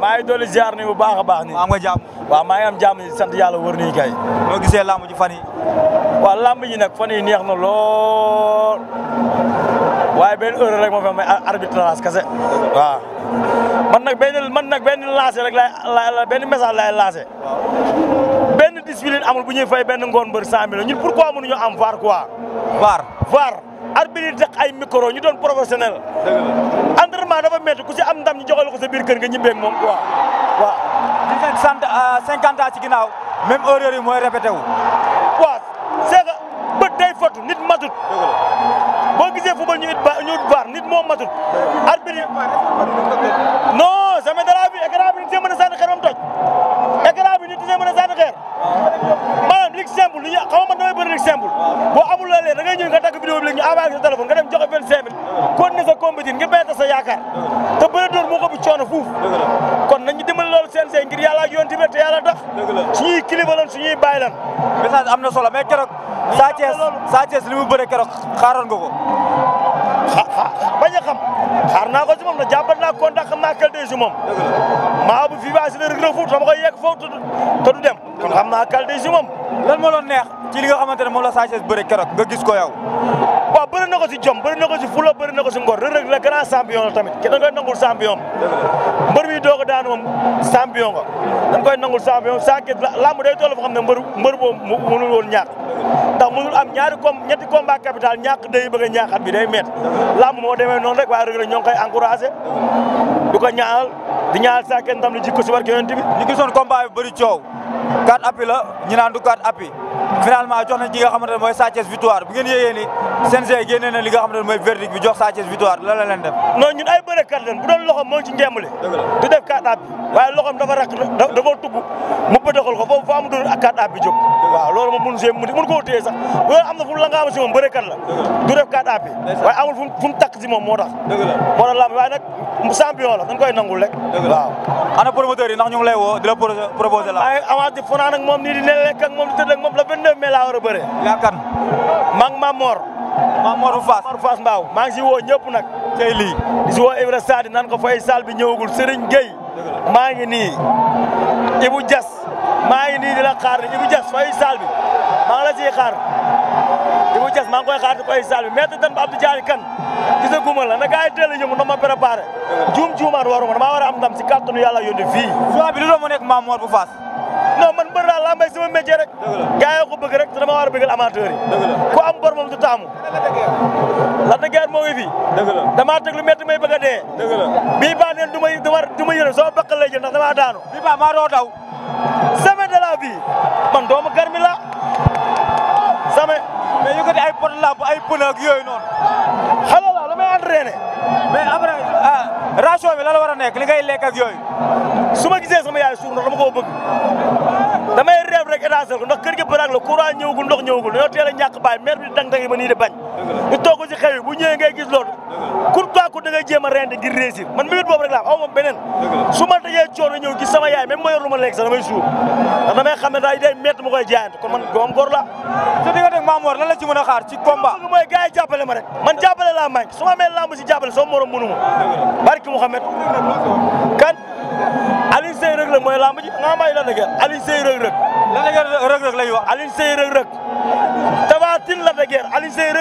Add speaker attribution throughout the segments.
Speaker 1: maa ngi dolli ziar ni bu baax a baax ni am nga jàmm waaw maa ngi am jàmm ni sant yàlla wër nii kay noo gisee làmb ji fan yi waaw ji nag fan yi neex na lool waaye benn heure rek moo fa may arbitrage kase waaw man nag benn man nag benn lancé rek la benn message laay lancé benn discipline amul bu ñuy fay benn ngoon mbër 100 millions ñun pourquoi mënuñu am VAR quoi. VAR VAR. arbitre teg ay micro ñu doon professionnel. entraînement dafa métti ku si am ndam ñi joxal ko sa biir kër nga ñibbeeg moom quoi waaw. di fekk cent euh, ci ginnaaw même erreur yi mooy répété wu. day fotu nit matut boo gisee football ñu it ñu ut vaar nit moo matut arbitre non jamais de la vie écran bi nit see mën a sànni xeer ba mu toj écran bi nit see mën a sànni xeer simple li ñu xaw ma damay bëri rek boo amul la leen da ngay ñëw nga takk vidéo bi léegi ñu envoyé sa téléphone nga dem joxe vingt cinq mille ne sa compétition ngir béykat sa yaakaar te bëri door moo ko bu coono fuuf kon nañu dimbali loolu seen seen ngir yàlla ak yoon tamit te yàlla tax suñuy kilifa su suñuy bàyyi lan message am na solo mais keroog Sa Thiès Sa Thiès li mu bëre keroog xaaroon nga ko bañ a xam xaar naa ko ci moom na jàppal naa ko ndax xam naa quel défi moom maa bu fi baasi na rek rek fuut dama koy yegg foofu te du dem kon xam naa quel défi moom lan neex ci li nga xamante ne moom la Sathies bëre keroog nga gis ko yow waaw bëri na ko si jom bëri na ko si fula bëri na ko si ngor Reug Reug la grand champion la tamit kenn dañ koy nangul champion mbër mi doog a daan moom champion nga dañ koy nangul champion Sathies lamb day xam ne mbër mbër boobu mënul woon ñàkk ndax mënul am ñaari com kom combat capital ñàkk day bëgg a ñaaxat bi day métti lamb moo demee noonu rek waaye rek ñoo ngi koy du ko ñaanal di ñaanal Sa ndam li jikko si barke yonent bi ñu gisoon combat coow 4 appuis la ñu du 4 appuis finalement jox nañ ki nga xamante ne mooy Sa victoire bu ngeen yéegee ni CNG na li nga xamante mooy verdict bi jox Sa victoire lan la leen def ay bërekat lañ bu waaye loxom dafa rak dafa tubb mu bëdaxal ko foofu fa mu doon ak 4 appuis jóg waaw loolu moom mun mun koo téye sax loolu am na fu si moom bërekat la du si moom moo tax. dëgg la moo tax lamb waaye koy nangul rek. dëgg la waaw. ana promoteur yi ndax ñu di la proposé la. ay avance di fanaan ak moom nii di lekk ak moom di tëdd moom la 29 mai laa war a bëree. yaa kan. maa ngi Mamor. Mamor Fass Mamor Fass Mbaaw maa ngi si woo ñëpp nag. tey di si woo Ibra Sadi nan ko fay salle bi ñëwagul Serigne Gueye. maa ngi nii Ibou Dias maa ngi nii di la xaar Ibou Dias fay salle bi maa ngi la siy xaar Ibou Dias maa ngi koy di fay salle bi maître dan ba Abdou Dialy kan ma la na gars yi teel a yëngu na ma préparé juum juumaat waruma damaa war a am ndam si kàttanu yàlla yónni fii soi bi li doon mu nekk Mame Mor bu Fass non man mbër laa lambay sama métier rek gars yi ko bëgg rek te dama war a bëggal amateur yi ku am bor moom da guerre moo ngi fi damaa teg lu métti may bëgg a dee bii baa neen du may du ma lay jël ndax damaa daanu bii baa maa doo daw sama de la vie man doomu garmi la sama mais yëkkati ay pot lamb ay pneu yooyu noonu entraîné mais après ah, ration bi la la war a nekk li ngay yooyu su ma gisee sama yaay suur ndox dama koo damay réew rek éranger ko ndax kër gi baraag la courant ñëwagul ndox ñëwagul dañoo teel a ñàkk bàyyi maire bi di dang ma si xew yi bu ñëwee ngay gis da ngay jéem a rende ngir sama yaay même ma yor lu ma lekk sax damay suur xam ne daay day métti ma koy jaayante kon man la sa di a xaar ci combat ma rek man jàppale laa manqué su ma amee lamb si jàppale sama morom mënuma kan Alioune Seye Reug Reug mooy lamb ji nga may la dëgër Alioune Seye Reug Reug la dëgër Reug Reug la ñuy wax Alioune Seye Reug na ñëw Alioune Seye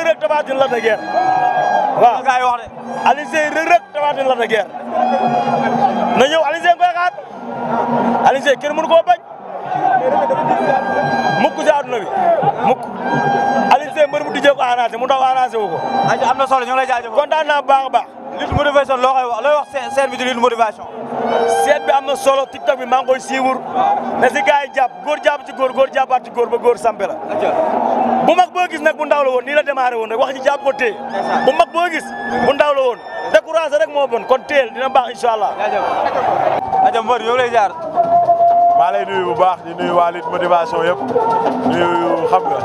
Speaker 1: koy xaar Alioune Seye kenn koo bañ mukk ci àdduna bi mukk Alioune Seye mbër mu dijee ko arrangé mu wu ko am naa baax a baax lutte motivation loo koy wax looy wax scène solo TikTok bi ah. si gars yi jàpp góor jàpp ci góor góor jàppaat ci góor ba góor sampe la. bu mag boo gis nag bu ndaw la woon nii la démarré woon rek wax ji jàpp ko téye. bu mag boo gis bu ndaw la woon découragé rek moo bon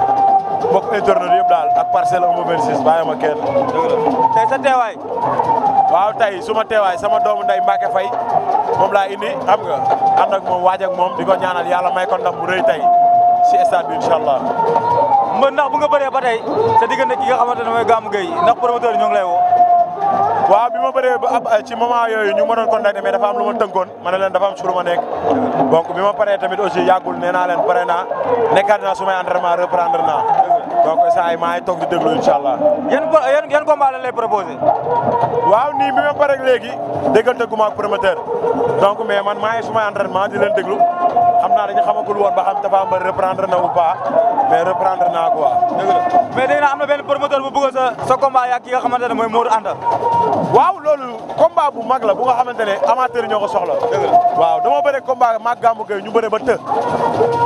Speaker 1: mbokk internet yëpp daal ak parcelle am 26 bàyyi ma kenn. tey sa teewaay. waaw tey su ma teewaay sama doomu nday Mbacke Faye moom laa indi xam nga ànd ak moom waaj ak moom di ko ñaanal yàlla may ko ndam bu rëy tey si stade bi incha ndax bu nga bëree ba tey sa diggante ki nga xamante ne mooy Gamou Gueye ndax promoteur yi ñoo ngi lay woo. waaw bi ma bëree ba ab ci yooyu ñu mënoon contacté mais dafa am lu ma tënkoon ma ne leen dafa am su lu ma nekk donc bi tamit aussi yàggul nee naa leen pare naa nekkaat naa su may entraînement reprendre naa. donc saa yi maa ngi di déglu incha allah. yan yan yan combat la lay proposé. waaw nii bi ma paree léegi déggante gu ma ak promoteur donc mais man maa ngi entraînement di leen déglu xam naa dañu xamagul woon ba xam dafa mba reprendre na ou pas mais reprendre naa quoi. dëgg la mais dégg naa am na benn promoteur bu bëgg sa sa combat yaa ki nga xamante ne mooy Modou Anta. waaw combat bu mag la bu nga xamante ne amateur ñoo ko soxla. dëgg la waaw dama bëre combat mag Gamou Gueye ñu bëre ba të.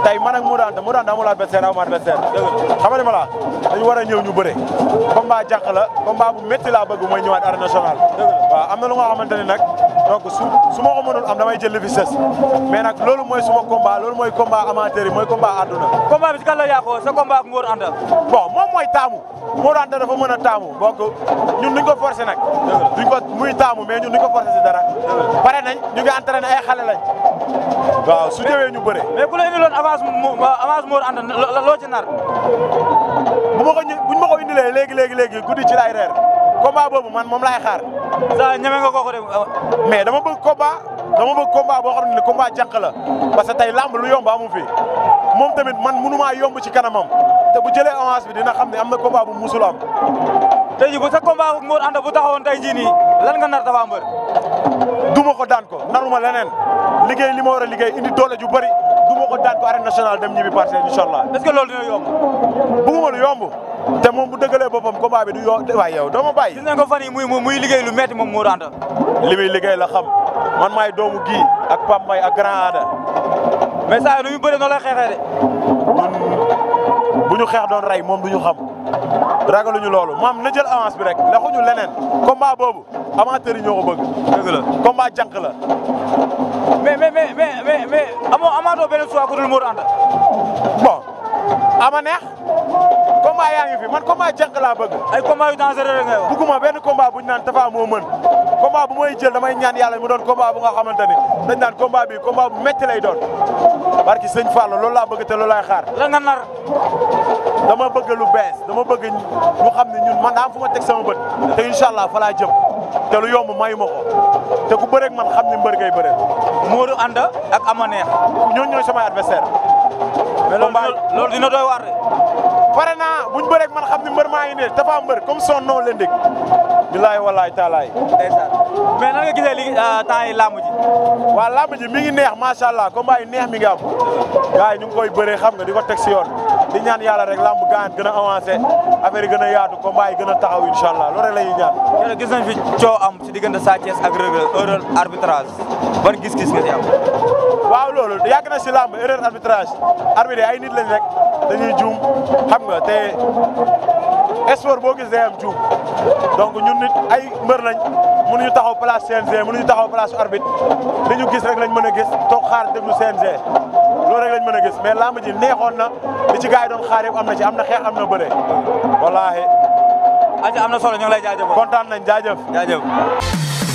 Speaker 1: tey man ak Modou Anta Modou Anta amul adversaire amul adversaire. dëgg la xam combat dañu war a ñëw ñu bëre combat jàq la combat bu métti laa bëgg mooy ñëwaat arène nationale waaw am na lu nga xamante ne nag donc su su ma ko mënul am damay jël li fi mais nag loolu mooy suma combat loolu mooy combat amateur yi mooy combat àdduna combat bi si kan la yàqoo sa combat ak Mor Anta bon moom mooy taamu Mor Anta dafa mën a taamu donc ñun duñ ko forcé nag duñ ko muy taamu mais ñun duñ ko si dara pare nañ ñu ngi entraîné ay xale lañ waaw su ñëwee ñu bëre. mais ku la indiloon avance mu avance Mor Anta loo ci nar. bu ma ko ñu bu ñu ma ko indilee léegi léegi léegi guddi ci laay reer combat boobu man moom laay xaar. sa ñeme nga kooku de mais dama bëgg combat dama bëgg combat boo xam ne combat jànq la parce que tey lamb lu yomb amu fi moom tamit man mënumaa yomb ci kanamam te bu jëlee avance bi dina xam ne am na combat bu musul am. tey ji bu sa combat ak Mor Anda bu taxawoon tey jii nii lan nga nar Tapha Mbeur. duma ko daan ko naruma leneen liggéey li ma war a liggéey indi doole ju bare duma ko daan ko arène nationale dem ñibbi parcelle incha allah. est ce que dina yomb. bëgguma lu yomb. te moom bu dëggalee boppam combat bi du yo waaye yow doo ma bàyyi. gis nañ ko fan yii muy muy liggéey lu metti moom Mor Anda. li muy liggéey la xam man maay doomu gii ak Pape ak Grand Ada. mais saa yu nu ñu bëree noonu bu ñu xeex doon rey moom du ñu xam. ragaluñu loolu mam na jël avance bi rek lexuñu leneen combat boobu amateur yi ñoo ko bëgg. dëgg la combat jànq la. mais mais mais mais mais amoo amaatoo beneen choix ku dul Modou Anta. bon ama neex yaa ngi man combat jànq laa bëgg. ay combat yu dangereux rek ngay wax. bugguma benn combat bu ñu naan Tapha moo mën combat bu may jël damay ñaan yàlla mu doon combat bu nga xamante ni dañ naan combat bi combat bu métti lay doon barki sëñ Fall loolu laa bëgg te loolu laay xaar. la nga dama bëgg lu bees dama bëgg ñu xam ne ñun man daa fu ma teg sama bët te incha allah fa laa jëm te lu yomb mayu ma te ku bëreeg man xam ne mbër ngay bëre. Modou Anda ak Amaneex. ñooñu ñooy samay adversaire mais loolu dina doy waar de. pare naa buñ bëreeg man xam ne mbër maa ngi ne dafa am mbër comme son nom l'indique bilaay walaay taalaay. ndeysaan mais nan nga gisee li euh, temps yi làmb ji. waaw mi ngi neex macha allah combat neex mi ngi am. gars ñu ngi koy bëree xam nga di ko teg si yoon. di ñaan yàlla rek làmb gaan gën a avancé affaire gën a yaatu combat gën a taxaw incha allah loolu la ñuy ñaan. jërëjëf gis nañ fi coow am si diggante Sa Thiès ak Reug Reug arbitrage ban gis-gis nga si am. waaw loolu yàgg na si làmb erreur arbitrage arbitre ay nit lañ rek dañuy juum xam nga te. sport boo gis day am juum donc ñun nit ay mu lañ mënuñu taxaw place CNG mënuñu taxaw place arbitre li ñu gis rek lañ mën a gis toog xaar déglu CNG loolu rek lañ mën a gis mais lamb ji neexoon na li ci gars yi doon xaar yëpp am na ci am na xeex am na bëre wallaahi. am na solo ñu lay jaajëf kontaan nañ jaajëf jaajëf